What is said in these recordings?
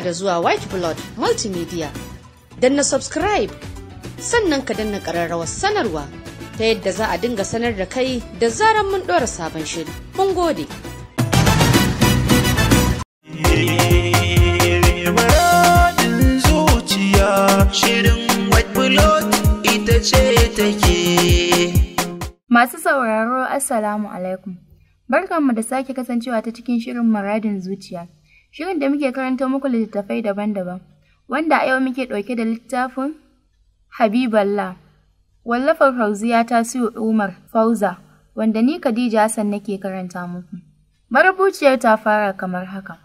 da zuwa white blood multimedia na subscribe sannan ka danna ƙararrawar sanarwa ta yadda za a dinga sanar da kai da zarar mun dora sabon shiri mun gode ce take Masu sauraro Assalamu alaikum. Barkanmu da sake kasancewa ta cikin shirin maradin zuciya. Shirin da muke karanta muku littattafai daban-daban, wanda a yau muke ɗauke da littafin Habiballah, wallafar ta siyo Umar Fauza, wanda ni Khadija Hassan nake karanta muku. Marubuciyar ta fara kamar haka.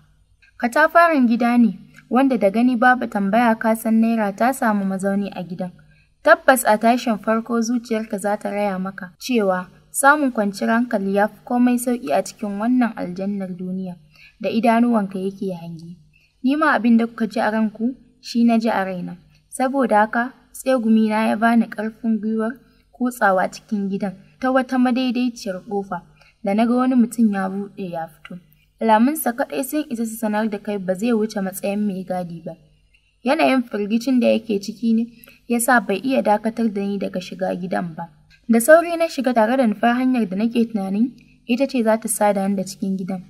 Katafaren gida ne, wanda da gani babu tambaya ka san Naira ta samu mazauni a gidan. Tabbas a tashin farko zuciyarka za ta raya maka cewa samun kwanciyar hankali ya fi komai sauƙi a cikin wannan aljannar duniya. da idanuwanka yake hangi. Ni ma abin da kuka ji a ranku shi na ji a raina, saboda haka tsegumina ya bani ƙarfin gwiwar kutsawa cikin gidan ta wata madaidaiciyar ƙofa da na ga wani mutum ya buɗe ya fito. Alamunsa kaɗai sun isa su sanar da kai ba zai wuce matsayin mai gadi ba. Yanayin firgicin da yake ciki ne ya sa bai iya dakatar da ni daga shiga gidan ba. Da sauri na shiga tare da nufar hanyar da nake tunanin ita ce za ta sada ni da cikin gidan.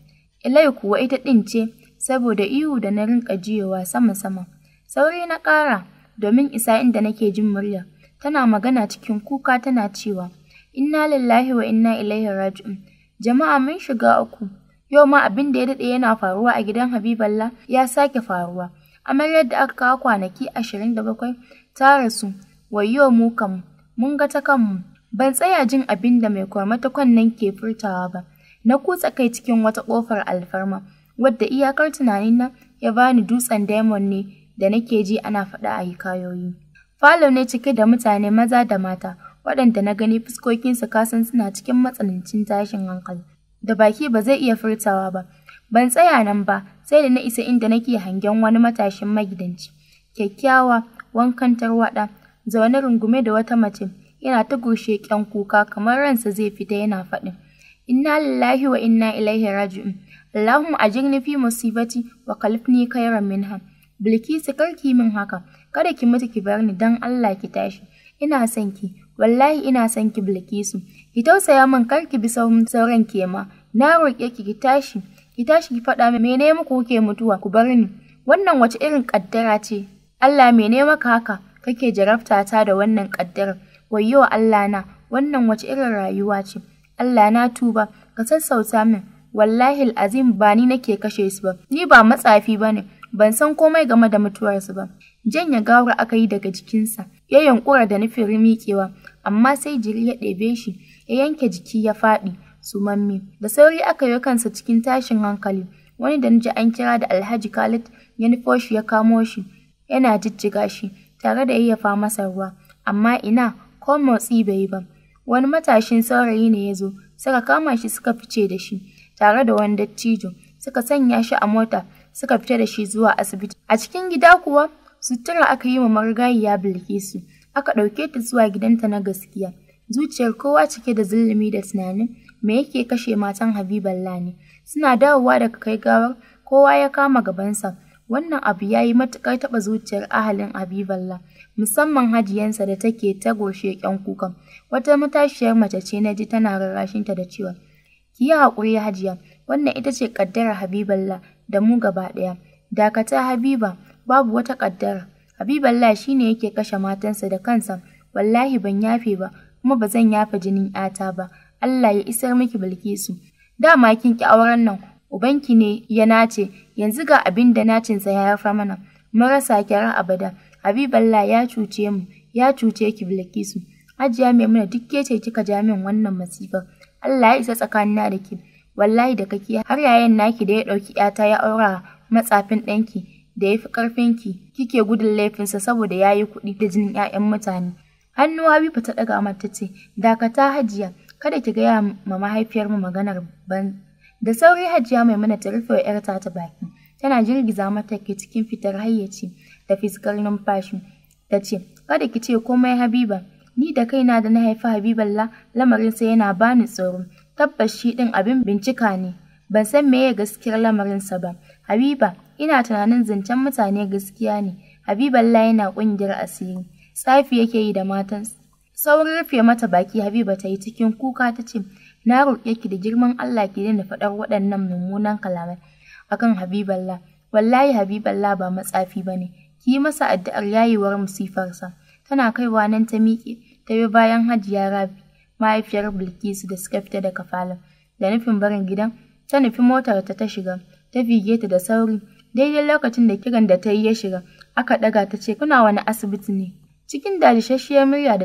Ilai kuwa ita ɗin ce, saboda ihu da na rinƙa jiyowa sama-sama. Sauri na ƙara, domin isa inda nake jin murya Tana magana cikin kuka tana cewa, Inna lillahi wa inna ilaihi raji'un. Jama'a mun shiga uku. Yau ma abin da ya daɗe yana faruwa a gidan Habiballah ya sake faruwa. Amaryar da aka kawo kwanaki ashirin da bakwai ta rasu, wayo mu kam, mun ga ta kanmu. Ban tsaya jin abin da mai kwarmatakon nan ke furtawa ba. Na kutsa kai cikin wata ƙofar alfarma, wadda iyakar tunanin na ya bani dutsen diamond ne da nake ji ana faɗa a hikayoyi. Falo ne cike da mutane maza da mata, waɗanda na gani fuskokinsu kasan suna cikin matsanancin tashin hankali. Da baki ba zai iya furtawa ba, ban tsaya nan ba sai da na isa inda nake hangen wani matashin magidanci. Kyakkyawa, wankan tarwaɗa, zaune rungume da wata mace, yana ta gushe ƙyan kuka kamar ransa zai fita yana faɗin. Inna lillahi wa inna ilaihi raji'un. Allahumma ajirni fi musibati wa kalifni khairan minha. Bilkisu karki min haka, kada ki mutu ki bar ni dan Allah ki tashi. Ina son ki, wallahi ina son ki Bilkisu. Ki tausaya min kar ki bi sauran ma. Na roƙe ki ki tashi, ki tashi ki faɗa min mene muku ke mutuwa ku bar ni. Wannan wace irin kaddara ce? Allah ne maka haka kake jarabta ta da wannan kaddara Wayyo Allah na, wannan wace irin rayuwa ce? Allah na tuba, ka sassauta min, wallahi azim ba ni nake kashe su ba, ni ba matsafi ba ne, ban san komai game da mutuwarsu ba. Jan ya gawar aka yi daga jikinsa, ya yankura da nufin miƙewa, amma sai jiri ya ɗebe shi, ya yanke jiki ya faɗi, mammi. Da sauri aka yi kansa cikin tashin hankali, wani da naji an kira da Alhaji Khalid ya nufo shi ya kamo shi, yana jijjiga shi, tare da yayyafa masa ruwa, amma ina, ko motsi bai yi ba. wani matashin saurayi ne ya zo, suka kama shi suka fice da shi, tare da wani dattijo, suka sanya shi a mota, suka fita da shi zuwa asibiti. A cikin gida kuwa, sutura aka yi wa marigayiya su, aka ɗauke ta zuwa gidanta na gaskiya. Zuciyar kowa cike da zulumi da tunanin me yake kashe matan Habiballah Lani? Suna dawowa daga kai gawar, kowa ya kama gabansa. Wannan abu ya yi matuƙar taɓa zuciyar ahalin Habiballa, musamman hajiyansa da take ta goshe ƙyan kukan. Wata matashiyar mace ce na ji tana rarrashinta da cewa, ki yi haƙuri hajiya, wannan ita ce ƙaddarar Habiballa da mu gaba ɗaya. Dakata Habiba, babu wata ƙaddara. Habiballa shi ne yake kashe matansa da kansa, wallahi ban yafe ba, kuma ba zan yafe jinin ‘yata ba. Allah ya isar miki Bilkisu. Dama kin ki auren nan, ubanki ne ya nace, yanzu ga abin da nacinsa ya haifa mana, marasa kyara abada, Habiballa ya cuce mu, ya cuce ki Bilkisu, Hajiya Maimuna duk ke ce kika ja min wannan masifar, Allah ya isa tsakanina da ki, wallahi da kake har yayan naki da ya ɗauki ‘yata ya aura matsafin ɗanki da ya fi ƙarfinki, kike gudun laifinsa saboda ya yi kuɗi da jinin ‘ya'yan mutane. Hannu Habiba ta ɗaga mata ce, dakata Hajiya, kada ki gaya ma mahaifiyarmu maganar ban Da sauri Hajiya Maimuna ta rufe wa ‘yarta ta baki, tana girgiza mata ke cikin fitar hayyaci da fiskar numfashi. Ta ce, Kada ki ce komai Habiba, ni da kaina da na haifi Habiballa lamarinsa yana bani tsoro, tabbas shi ɗin abin bincika ne, ban san meye gaskiyar lamarinsa ba. Habiba, ina tunanin zancen mutane gaskiya ne, Habiballa yana ƙungiyar asiri, tsafi yake yi da matan Saurin rufe mata baki Habiba ta yi cikin kuka ta ce, na roƙe ki da girman Allah ki daina faɗar waɗannan mummunan kalamai akan Habiballah wallahi Habiballah ba matsafi ba ne. ki yi masa addu'ar yayewar musifarsa tana kaiwa nan ta miƙe ta bi bayan Hajiya Rabi mahaifiyar Bilkisu da suka fita daga falon da nufin barin gidan ta nufi motar ta ta shiga ta fige ta da sauri daidai lokacin da kiran da ta yi ya shiga aka ɗaga ta ce kuna wani asibiti ne cikin dajishasshiyar murya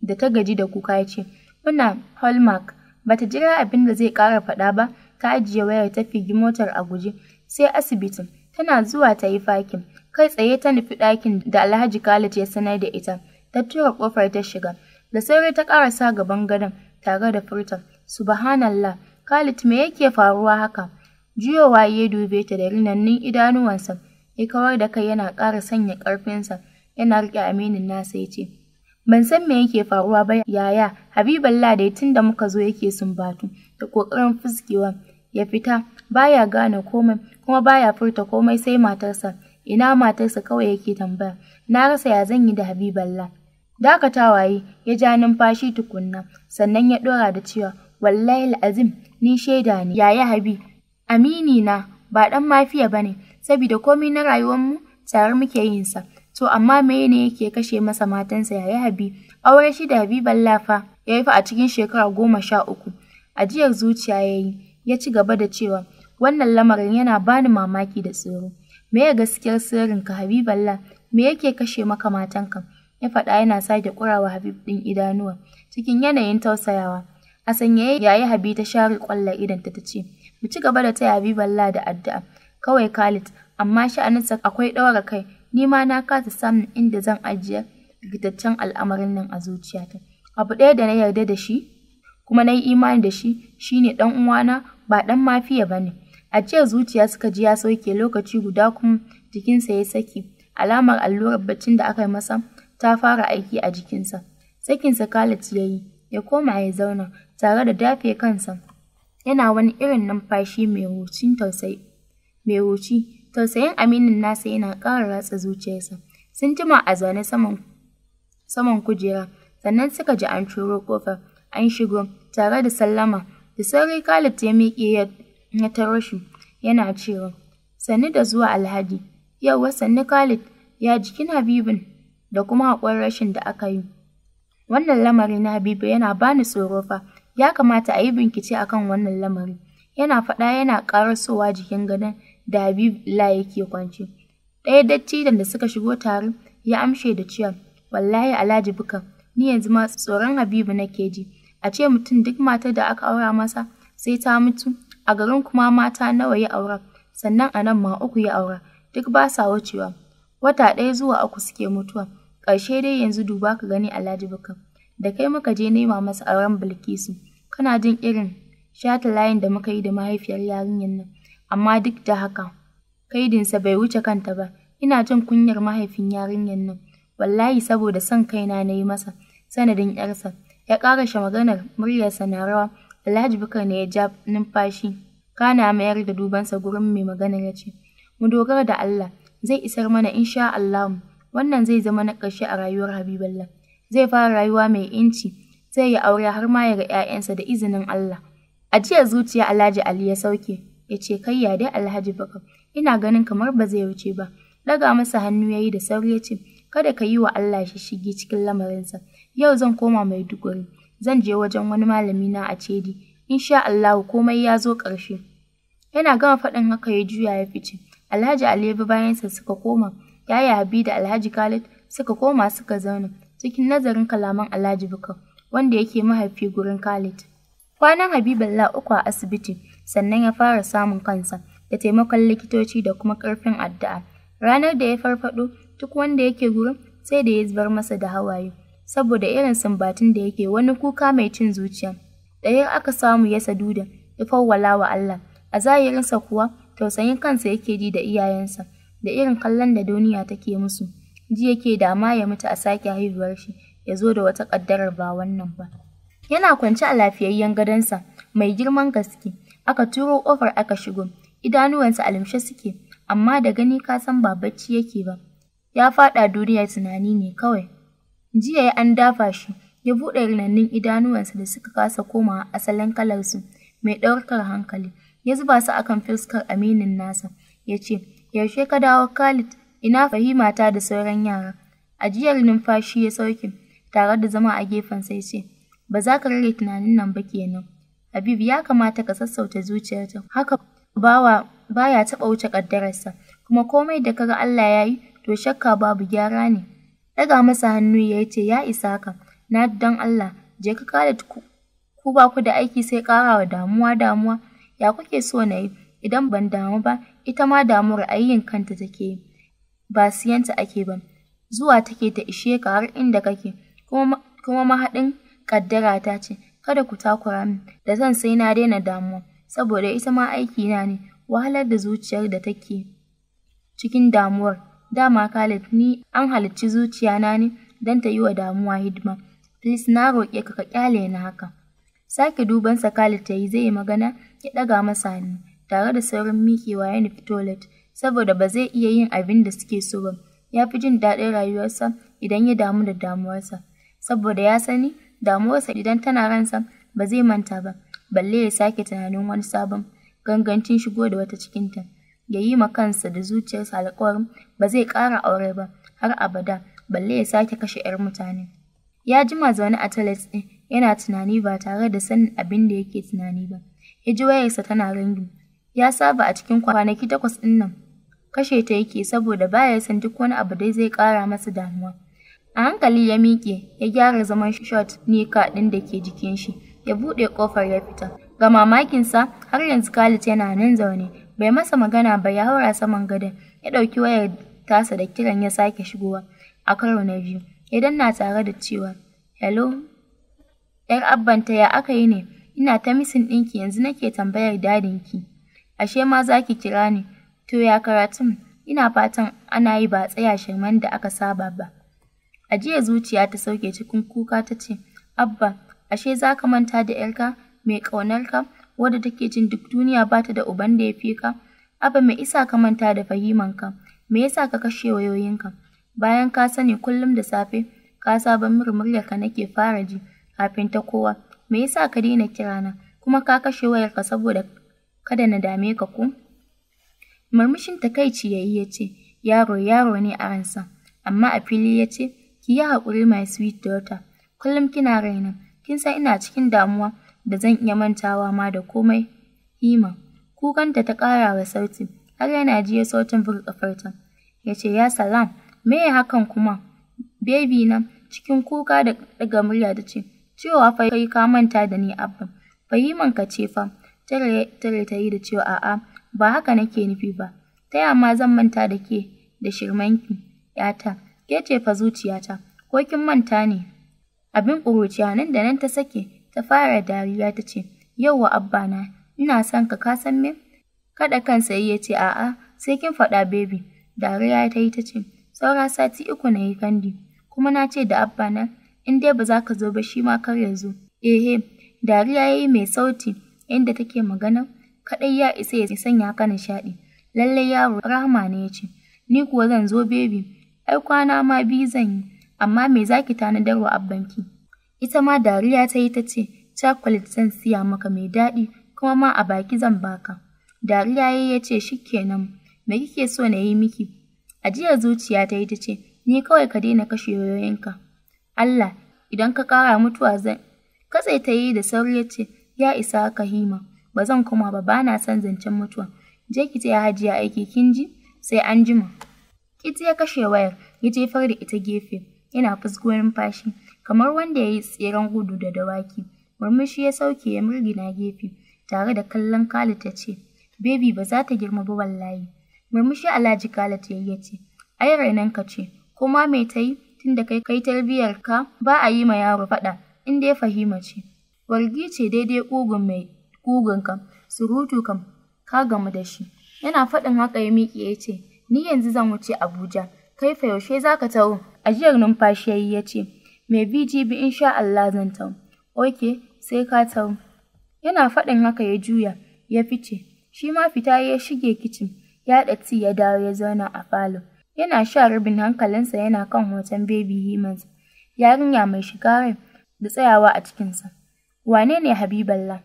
da ta gaji da kuka ya ce muna hallmark Ba ta jira abin da zai ƙara faɗa ba, ta ajiye wayar ta figi motar a guje, sai asibitin. Tana zuwa ta yi fakin, kai tsaye ta nufi ɗakin da Alhaji Khalid ya sanar da ita. Ta tura ƙofar ta shiga, da sauri ta ƙara sa gaban gadon tare da furta. Subhanallah, Khalid me yake faruwa haka? Juyowa ya dube ta da rinannun idanuwansa, ya kawar da kai yana ƙara sanya ƙarfinsa, yana riƙe aminin nasa ya ce, Ban san me yake faruwa ba yaya, Habiballah dai tun da muka zo yake sumbatu, da ƙoƙarin fuskewa, ya fita, baya gane komai, kuma baya furta komai sai matarsa, ina matarsa kawai yake tambaya, na rasa ya zan yi da Habiballah. Dakatawa yi, ya ja numfashi tukunna, sannan ya ɗora da cewa, wallahi azim ni shaida ne, yaya Habi, amini na, ba ɗan mafiya ba ne, saboda komai na rayuwar mu, tare muke yin sa. To amma ne yake kashe masa matansa yi Habi? Aure shi da Habiban Lafa ya yi a cikin shekara goma sha uku. Ajiyar zuciya ya yi, ya ci gaba da cewa, wannan lamarin yana bani mamaki da tsoro. Me ya gaskiyar sirrin sirrinka Habiballah? Me yake kashe maka matanka? Ya faɗa yana sake ƙurawa Habib ɗin idanuwa, cikin yanayin tausayawa. A sanyaye yayi Habi ta share ƙwallon idan ta ce, mu ci gaba da taya Habiballah da addu'a. Kawai Khalid, amma sha'aninsa akwai ɗaura kai, ni ma na kasa samun inda zan ajiye rikitaccen al'amarin nan a zuciyata. Abu ɗaya da na yarda da shi, kuma na yi imani da shi, shi ne ɗan uwana ba ɗan mafiya ba ne. A Ajiyar zuciya suka ji ya sauke lokaci guda kuma jikinsa ya saki, alamar allurar baccin da aka yi masa ta fara aiki a jikinsa. Sakinsa kalat ya yi, ya koma ya zauna tare da dafe kansa. Yana wani irin numfashi mai rucin tausayi, mai rucin Tausayin aminin nasa yana ƙara ratsa zuciyarsa. Sun jima a zaune saman saman kujera, sannan suka ji an turo ƙofar, an shigo, tare da sallama. Da sauri Khalid ya miƙe ya taro shi, yana cewa, Sannu da zuwa Alhaji, yauwa sannu Khalid, ya jikin Habibin da kuma haƙon rashin da aka yi. Wannan lamari na Habibu yana bani tsoro fa, ya kamata a yi bincike akan wannan lamari. Yana faɗa yana sowa jikin gadon da Habib la yake kwance. Ɗaya dattijan da suka shigo tare ya amshe da cewa wallahi Alhaji buka ni yanzu ma tsoron Habibu nake ji. A ce mutum duk matar da aka aura masa sai ta mutu a garin kuma mata nawa ya aura sannan a nan ma uku ya aura duk ba sa wucewa wata ɗaya zuwa uku suke mutuwa ƙarshe dai yanzu duba ka gani Alhaji buka da kai muka je nema masa auren Bilkisu kana jin irin shata layin da muka yi da mahaifiyar yarinyar nan amma duk da haka kaidinsa bai wuce kanta ba, ina jin kunyar mahaifin yarinyar nan, wallahi saboda son kaina na yi masa, sanadin ‘yarsa. Ya shi maganar muryarsa na rawa, Alhaji Bukar ne ya ja numfashi, kana mayar da dubansa gurin mai maganar ya ce, Mu dogara da Allah, zai isar mana insha Allahu, wannan zai zama na ƙarshe a rayuwar Habiballah. Zai fara rayuwa mai inci, zai yi aure har ma ya ga ‘ya'yansa da izinin Allah. A Ajiyar zuciya Alhaji Ali ya sauke, ya ce kai ya dai alhaji baka ina ganin kamar ba zai wuce ba daga masa hannu ya yi da sauri ya ce kada ka yi wa Allah shi shige cikin lamarinsa yau zan koma maiduguri zan je wajen wani malami na a cedi insha Allahu komai ya zo ƙarshe yana gama faɗin haka ya juya ya fice alhaji bayan sa suka koma yaya habi da alhaji khalid suka koma suka zauna cikin nazarin kalaman alhaji bukar wanda yake mahaifi gurin khalid kwanan habiballah uku a asibiti sannan ya fara samun kansa da taimakon likitoci da kuma ƙarfin addu'a. Ranar da ya farfaɗo, duk wanda yake gurin sai da ya zubar masa da hawaye, saboda irin sumbatun da yake wani kuka mai cin zuciya. Ɗayan aka samu ya saduda, ya fawwala wa Allah, a zahirinsa kuwa tausayin kansa yake ji da iyayensa, da irin kallon da duniya take musu. Ji yake dama ya mutu a sake haihuwar shi, ya zo da wata ƙaddarar ba wannan ba. Yana kwance a lafiyayyen gadonsa, mai girman gaske, Aka turo ƙofar aka shigo, idanuwansa a limshe suke, amma da gani ka san ba bacci yake ba. Ya faɗa duniya tunani ne kawai. Jiya ya an dafa shi, ya buɗe rinannun idanuwansa da suka kasa komawa asalin kalarsu mai ɗaukar hankali. Ya zuba su akan fuskar aminin nasa, ya ce, Yaushe ka dawo Khalid, ina fahimata da sauran yara. Ajiyar numfashi ya sauke, tare da zama a gefen sai ce, Ba za ka rage tunanin nan ba kenan. Habib ya kamata ka sassauta zuciyarta, haka bawa baya taɓa wuce ƙaddararsa, kuma komai da kaga Allah ya yi to shakka babu gyara ne. Ɗaga masa hannu ya ce ya isa ka, na don Allah, je ka kada ku ba ku da aiki sai karawa damuwa damuwa, ya kuke so na yi, idan ban damu ba, ita ma damuwar ra'ayin kanta take ba siyanta ake ba, zuwa take ta ishe ka har inda kake, kuma mahaɗin ƙaddara ta ce, kada ku takura min, da zan sai na daina damuwa, saboda ita ma aikina ne, wahalar da zuciyar da take cikin damuwar. Dama Khalid ni an halicci na ne don ta yi wa damuwa hidima, please na roƙe ka ka ƙyale na haka. Sake dubansa Khalid ta yi zai yi magana ya ɗaga masa ni tare da saurin mikewa ya nufi toilet, saboda ba zai iya yin abin da suke so ba. Ya fi jin daɗin rayuwarsa idan ya damu da damuwarsa, saboda ya sani damuwarsa idan tana ransa ba zai manta ba balle ya sake tunanin wani sabon gangancin shigo da wata cikinta ya yi ma kansa da zuciyarsa alkawarin ba zai kara aure ba har abada balle ya sake kashe 'yar mutane ya jima zaune a talet ɗin yana tunani ba tare da sanin abin da yake tunani ba ya ji wayarsa tana rangi ya saba a cikin kwanaki takwas ɗin kashe ta yake saboda baya son duk wani abu dai zai ƙara masa damuwa A hankali ya miƙe, ya gyara zaman shot nika ɗin da ke jikin shi, ya buɗe ƙofar ya fita. Ga mamakinsa, har yanzu Khalid yana nan zaune, bai masa magana ba ya haura saman gadon, ya ɗauki wayar tasa da kiran ya sake shigowa a karo na biyu. Ya na tare da cewa, Hello, ‘yar abbanta ya aka yi ne? Ina ta misin ɗinki yanzu nake tambayar dadin ki Ashe ma za ki kira ni? To ya karatun? Ina fatan ana yi ba tsaya shirman da aka saba ba. A jiya zuciya ta sauke cikin kuka ta ce, Abba, ashe za ka manta da ‘yarka mai ƙaunarka wadda take jin duk duniya ba ta da uban da ya fi ka? Abba mai isa ka manta da fahimanka, me yasa ka kashe wayoyinka? Bayan ka sani kullum da safe, ka sabon murmuryarka nake fara ji kafin ta kowa, me yasa ka daina kirana? Kuma ka kashe wayarka saboda kada na dame ka ko? Murmushin takaici yayi ya ce, yaro yaro ne a ransa, amma a fili ya ce, Ki yi haƙuri my sweet daughter, kullum kina raina, kin san ina cikin damuwa da zan iya mantawa ma da komai. Hima, kukanta ta ƙara wa sauti, har yana jiya sautin buga ƙafarta. Ya ce, ya salam, me ya hakan kuma? Baby na, cikin kuka da ɗaga murya ta ce, cewa fai ka manta da ni abba. Fahiman ka ce fa, tare ta yi da cewa a'a, ba haka nake nufi ba. Ta yamma zan manta da ke da shirmanki, ‘yata. ya ce fa zuciyata, ko kin manta ne? Abin ƙuruciya nan da nan ta sake, ta fara dariya ta ce, yauwa abba na, ina son ka ka san me? Kada kansa ya ce a'a, sai kin faɗa baby. Dariya ta yi ta ce, saura sati uku na yi kandi, kuma na ce da abba na, in dai ba za ka zo ba shi ma kar ya zo. Ehe, dariya ya yi mai sauti, inda take magana, kaɗai ya isa ya sanya ka nishaɗi. Lallai yaro rahama ne ya ce, ni kuwa zan zo baby. ai kwana ma biyu zan yi, amma me za ki tanadar wa abbanki? Ita ma dariya ta yi ta ce, cakulet zan siya maka mai daɗi, kuma ma a baki zan baka. Dariya ya ya ce, shi kenan, me kike so na yi miki? Ajiyar zuciya ta yi ta ce, ni kawai ka daina kashe yoyoyinka. Allah, idan ka ƙara mutuwa zan. Katse ta yi da sauri ya ce, ya isa ka hima, ba zan koma ba, bana son zancen mutuwa. Je ki taya hajiya aiki kin ji, sai an jima. Ita ya kashe wayar, ya jefar da ita gefe, yana fuskuwar numfashi, kamar wanda ya yi tseren gudu da dawaki. Murmushi ya sauke ya murgina gefe, tare da kallon Khalid ta ce, Baby ba za ta girma ba wallahi. Murmushi Alhaji Khalid ta yi ce, Ai ka ce, kuma me ta yi tun da kai kai tarbiyyar ka ba a yi ma yaro faɗa in dai fahima ce. Wargi ce daidai ƙugun mai ƙugun ka, surutu kam, ka gamu da shi. Yana faɗin haka ya miƙe ya ce, Ni yanzu zan wuce Abuja, kai fa yaushe za ka taho? Ajiyar numfashi ya yi ya ce, Mai in insha Allah zan taho. Ok, sai ka taho. Yana faɗin haka ya juya, ya fice. Shi ma fita ya shige kicin, ya ɗatti ya dawo ya zauna a falo. Yana sha rabin hankalinsa yana kan hoton Baby Himans, yarinya mai shiga da tsayawa a cikinsa. Wane ne Habiballah?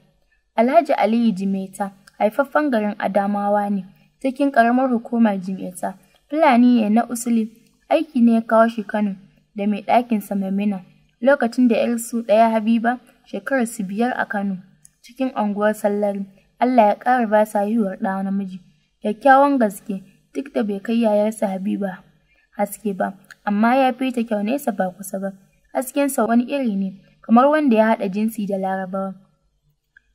Alhaji Aliyu Jimeta, haifaffen garin Adamawa ne. cikin ƙaramar hukumar jimeta. Fulani ne na Usuli, aiki ne ya kawo shi Kano da mai ɗakinsa Mamina. lokacin da su ɗaya Habiba shekarar su biyar a Kano, cikin unguwar Sallari. Allah ya ƙara ba sa ɗawa ɗa namiji. Kyakkyawan gaske, duk da bai kai yayarsa Habiba haske ba, amma ya fi ta kyau nesa ba kusa ba. Haskensa wani iri ne, kamar wanda ya haɗa jinsi da Larabawa.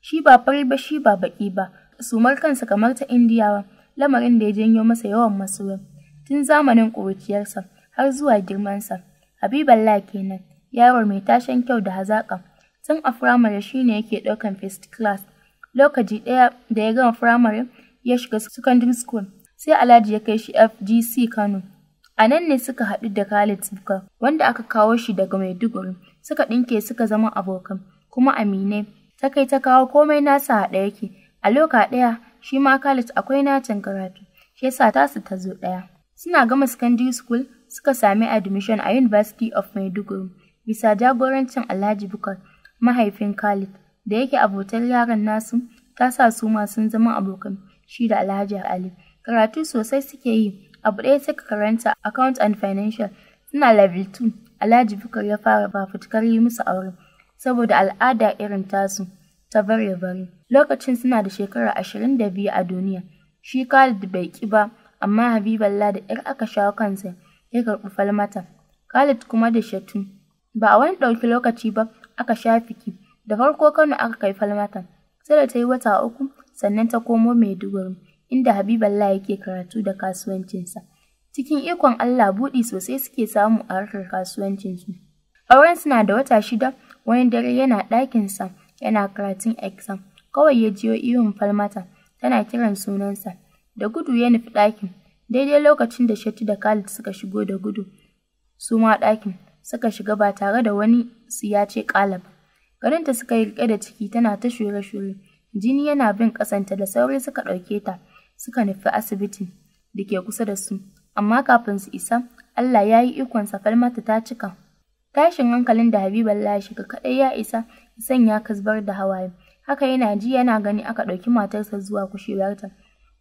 Shi ba fari ba shi ba baƙi ba, sumar kansa kamar ta Indiyawa. lamarin da ya janyo masa yawan masoyan tun zamanin ƙuruciyarsa har zuwa girmansa. habiballa kenan, yaron mai tashin kyau da hazaƙa. Tun a firamare shi ne yake ɗaukan first class. Lokaci ɗaya da ya gama firamare ya shiga secondary school, sai Alhaji ya kai shi FGC Kano. A nan ne suka haɗu da Khalid Buka, wanda aka kawo shi daga Maiduguri, suka ɗinke suka zama abokan, kuma Amine, Ta kai ta kawo komai nasa ɗaya yake, a loka ɗaya shi ma college akwai natin karatu, shi yasa tasu ta zo ɗaya. Suna gama secondary school suka sami admission a University of Maiduguri bisa jagorancin Alhaji Bukar, mahaifin Khalid, da yake abotar yaran nasu ta sa su ma sun zama abokan shi da Alhaji Ali. Karatu sosai suke yi, abu ɗaya suka karanta account and financial suna level 2. Alhaji Bukar ya fara ba fitkar yi musu aure saboda al'ada irin tasu. ta bare bare. Lokacin suna da shekara ashirin da biyu a duniya. Shi Khalid bai ki ba, amma Habiballah da ‘yar aka shawo kansa ya karɓi falmata. Khalid kuma da Shatu. Ba a wani ɗauki lokaci ba aka sha fiki. Da farko Kano aka kai falmata. Sai da ta yi wata uku sannan ta komo Maiduguri inda Habiballah yake karatu da kasuwancinsa. Cikin ikon Allah buɗi sosai suke samu a harkar kasuwancinsu. Auren suna da wata shida wani dare yana ɗakinsa yana karatun exam, kawai ya jiyo ihun Falmata tana kiran sunansa. Da gudu ya nufi ɗakin, daidai lokacin da Shatu da Khalid suka shigo da gudu, su ma ɗakin suka shiga ba tare da wani su ya ce ƙalab. Garinta suka yi riƙe da ciki tana ta shure-shure, jini yana bin ƙasanta da sauri suka ɗauke ta, suka nufi asibitin da ke kusa da su, amma kafin su isa, Allah ya yi ikonsa Falmata ta cika. Tashin hankalin da Habiba ya shiga kaɗai ya isa ya sanya da hawaye. Haka yana ji yana gani aka ɗauki matarsa zuwa kushewarta.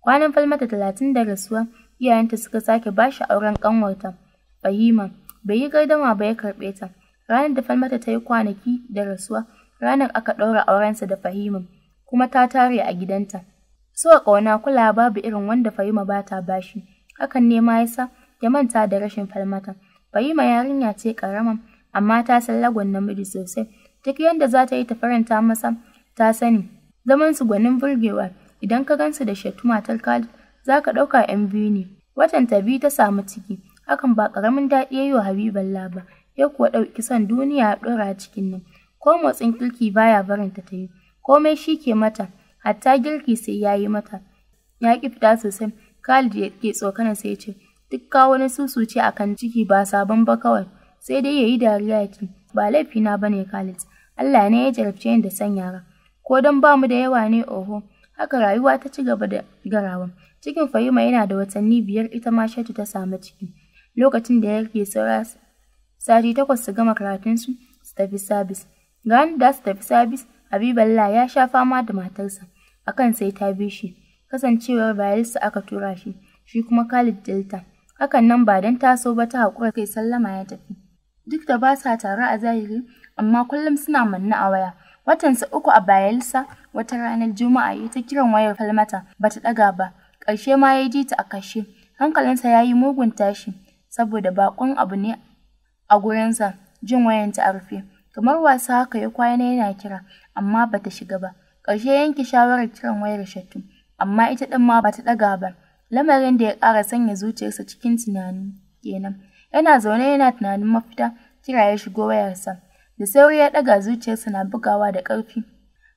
Kwanan Falmata talatin da rasuwa, iyayenta suka sake ba shi auren ƙanwarta, Fahima. Bai yi gardama ba ya karɓe ta. Ranar da Falmata ta yi kwanaki da rasuwa, ranar aka ɗaura aurensa da Fahima, kuma ta tare a gidanta. So ƙauna kula babu irin wanda Fahima ba ta bashi. Hakan ne ma ya sa ya manta da rashin Falmata. Fahima yarinya ce ƙarama, amma ta san lagon namiji sosai duk yadda za ta yi ta faranta masa ta sani zaman su gwanin burgewa idan ka gansu da shattu matar Khalid za ka ɗauka 'yan biyu ne watan ta biyu ta samu ciki hakan ba ƙaramin daɗi ya yi wa habiban ba ya kuwa ɗauki son duniya ya ɗora cikin nan ko motsin kirki baya barin ta yi komai shi ke mata hatta girki sai ya yi mata ya ƙi fita sosai Khalid ya ke tsokanar sai ya ce duk kawo wani susu ce akan ciki ba sabon ba kawai sai dai ya yi dariya ki? ba laifina ba ne Khalid, Allah ne ya jarabce ni da sanyara. yara. Ko don ba mu da yawa ne oho, haka rayuwa ta ci gaba da garawa. Cikin Fahima yana da watanni biyar ita ma Shatu ta samu ciki. Lokacin da ya yake saura sati takwas su gama karatunsu su tafi sabis. Gani da su tafi sabis, Habiballa ya sha fama da matarsa, akan sai ta bi shi. Kasancewar bayarsa aka tura shi, shi kuma Khalid Delta. Hakan nan ba don taso ba ta haƙura kai sallama ya tafi. duk da ba sa tare a zahiri amma kullum suna manna a waya. Watansa uku a bayelsa wata ranar Juma'a ya ta kiran wayar falmata ba ta ɗaga ba, ƙarshe ma ya ji ta a kashe. Hankalinsa ya yi mugun tashi saboda baƙon abu ne a gurinsa jin wayanta a rufe. Kamar wasa haka ya kwana yana kira amma ba ta shiga ba. Ƙarshe yanke shawarar kiran wayar Shattu amma ita ɗin ma ba ta ɗaga ba. Lamarin da ya ƙara sanya zuciyarsa cikin tunani kenan. Yana zaune yana tunanin mafita, kira ya shigo wayarsa. Da sauri ya ɗaga zuciyarsa na bugawa da ƙarfi.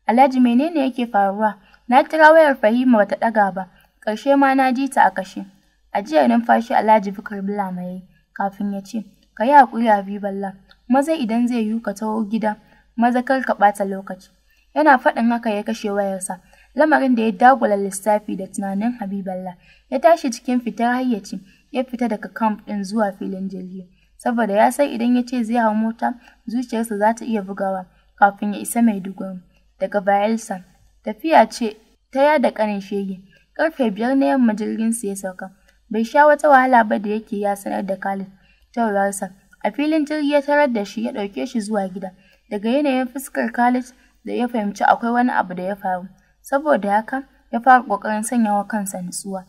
Alhaji menene yake faruwa? Na kira wayar Fahima bata ɗaga ba, ƙarshe ma na ji ta a kashe. Ajiyar numfashi Alhaji Bukar Bulama ya kafin ya ce, ka yi haƙuri Habiballa, maza idan zai yiwu ka taho gida, maza kar ka ɓata lokaci. Yana faɗin haka ya kashe wayarsa, lamarin da ya dagula lissafi da tunanin Habiballa, ya tashi cikin fitar hayyaci, ya fita daga camp ɗin zuwa filin jirgi saboda ya san idan ya ce zai hau mota zuciyarsa za ta iya bugawa kafin ya isa mai Maiduguri daga Bayelsa. Tafiya ce ta yada ƙanin shege. Karfe biyar na yamma jirgin su ya sauka. Bai sha wata wahala ba da yake ya sanar da Khalid taurarsa. A filin jirgi ya tarar da shi ya ɗauke shi zuwa gida. Daga yanayin fuskar Khalid da ya fahimci akwai wani abu da ya faru. Saboda haka ya fara ƙoƙarin sanyawa wa kansa nutsuwa.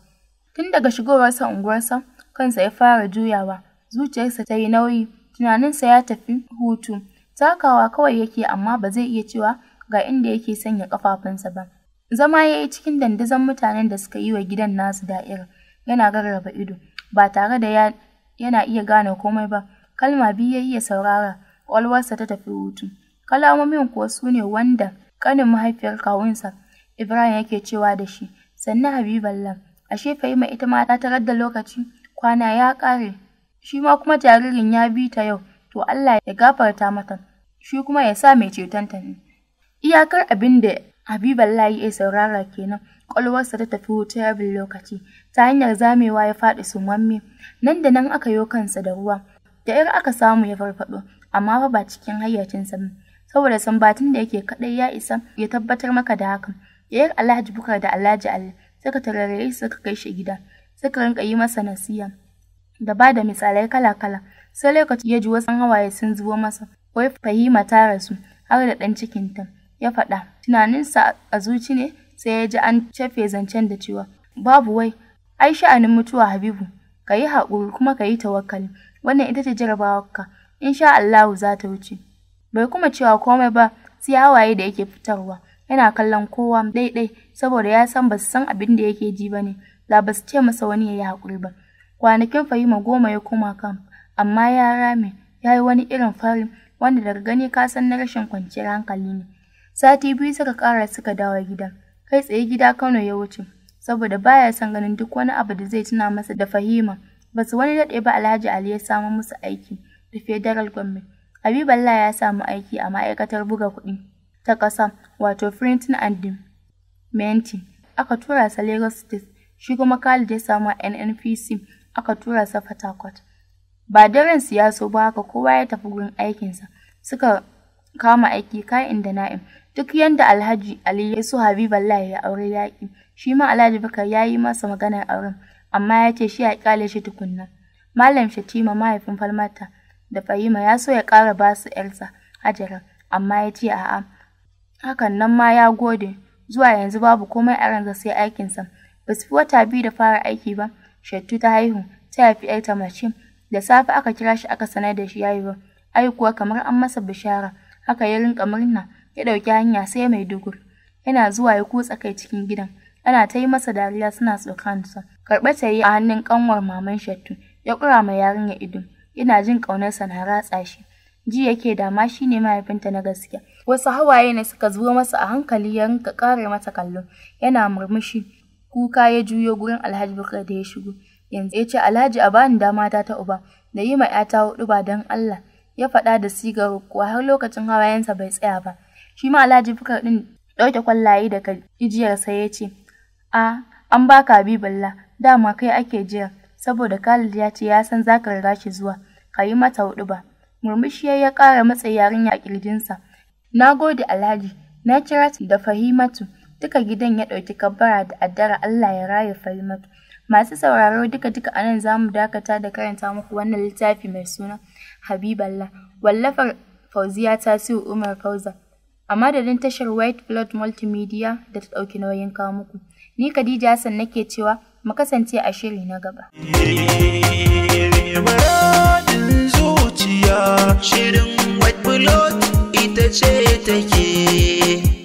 Tun daga shigowarsa unguwarsa kansa ya fara juyawa, zuciyarsa ta yi nauyi, tunaninsa ya tafi hutu. Takawa kawai yake amma ba zai iya cewa ga inda yake sanya ƙafafunsa ba. Zama ya yi cikin dandazon mutanen da suka yi wa gidan nasu da'ira, yana rarraba ido, ba tare da yana iya gane komai ba, kalma biyu ya iya saurara, ƙwalwarsa ta tafi hutu. Kalamomin kuwa su ne wanda ƙanin mahaifiyar kawunsa Ibrahim yake cewa da shi, sannan Habiballah, ashe Fahima ita ma ta tarar da lokaci, kwana ya ƙare, shi ma kuma jaririn ya bi ta yau, to Allah ya gafarta mata, shi kuma ya sa mai ta ne. Iyakar abin da Habiballahi ya saurara kenan, ƙwalwarsa ta tafi wuta bin lokaci, ta hanyar zamewa ya faɗi sunwamme, nan da nan aka yo kansa da ruwa, da ‘yar aka samu ya farfaɗo, amma fa ba cikin hayyacinsa ba, saboda sambatin da yake kaɗai ya isa ya tabbatar maka da hakan. ‘Yar Alhaji Bukar da Alhaji Ali suka tarare suka kai shi gida, suka rinka yi masa nasiya da ba da misalai kala-kala sai lokaci ya ji wasu hawaye sun zubo masa wai fahima ta rasu har da ɗan cikinta ya faɗa tunaninsa a zuci ne sai ya ji an cefe zancen da cewa babu wai ai sha'anin mutuwa habibu ka yi haƙuri kuma ka yi tawakkali wannan ita ce jarabawarka sha Allahu za ta wuce bai kuma cewa komai ba sai hawaye da yake fitarwa yana kallon kowa daidai saboda ya san ba su san abin da yake ji ba ne da ba su ce masa wani ya yi haƙuri ba. Kwanakin Fahima goma ya koma kan, amma ya rame, ya yi wani irin farin wanda daga gani ka san na rashin kwanciyar hankali ne. Sati biyu suka ƙara suka dawo gida, kai tsaye gida Kano ya wuce, saboda baya son ganin duk wani abu da zai tuna masa da Fahima. Ba su wani daɗe ba Alhaji Ali ya samo musu aiki da Federal Government. Habiballah ya samu aiki a ma'aikatar buga kuɗi ta ƙasa, wato Printing and Minting. Aka tura sa Lagos State shi kuma Khalid ya samu NNPC aka tura sa Fatakwat. Ba daren siyaso ba haka kowa ya tafi gurin aikinsa suka kama aiki ka'in da na'im. Duk yanda Alhaji Ali ya so Habiballah ya aure yaƙi, shi ma Alhaji Bakar ya yi masa maganar auren, amma ya ce shi ya ƙyale shi tukunna. Malam Shatima mahaifin Falmata da Fahima ya so ya ƙara ba su ‘yarsa Hajara, amma ya ce a'a. Hakan nan ma ya gode, zuwa yanzu babu komai a ransa sai aikinsa. Ba su fi wata biyu da fara aiki ba, Shattu ta haihu, ta haifi ‘yarta mace. Da safe aka kira shi aka sanar da shi haihuwar. Ai kuwa kamar an masa bishara, haka ya rinka murna, ya ɗauki hanya sai mai dugur. Yana zuwa ya kutsa kai cikin gidan. Ana ta yi masa dariya suna sa, karɓa ta yi a hannun ƙanwar maman Shattu, ya ƙura ma yarinyar ido. Ina jin ƙaunarsa na ratsa shi. ji yake dama shi ne mahaifinta na gaskiya. Wasu hawaye ne suka zuwa masa a hankali ya rinka kare mata kallo, yana murmushi. kuka ya juyo gurin alhaji bukar da ya shigo yanzu ya ce alhaji a bani dama ta ta uba da yi ma yata hudu ba don allah ya faɗa da sigar kuwa har lokacin hawayensa bai tsaya ba shi ma alhaji bukar din ɗauke kwallaye daga ijiyarsa ya ce a an baka bi balla, dama kai ake jira saboda khalid ya ce ya san za ka riga shi zuwa ka yi mata hudu ba murmushi ya kara matsa yarinya a ƙirjinsa na gode alhaji na kira da fahimatu Duka gidan ya ɗauki kabbara da addara Allah ya raya Farimatu. Masu sauraro duka-duka a nan za mu dakata da karanta muku wannan littafi mai suna Habiballah. Wallafar Fauziya su Umar Fauza. A madadin tashar White Blood Multimedia da ta ɗauki nauyin kawo muku. Ni Khadija Hassan nake cewa mu kasance a shiri na gaba. Shirin White Blood ita ce take.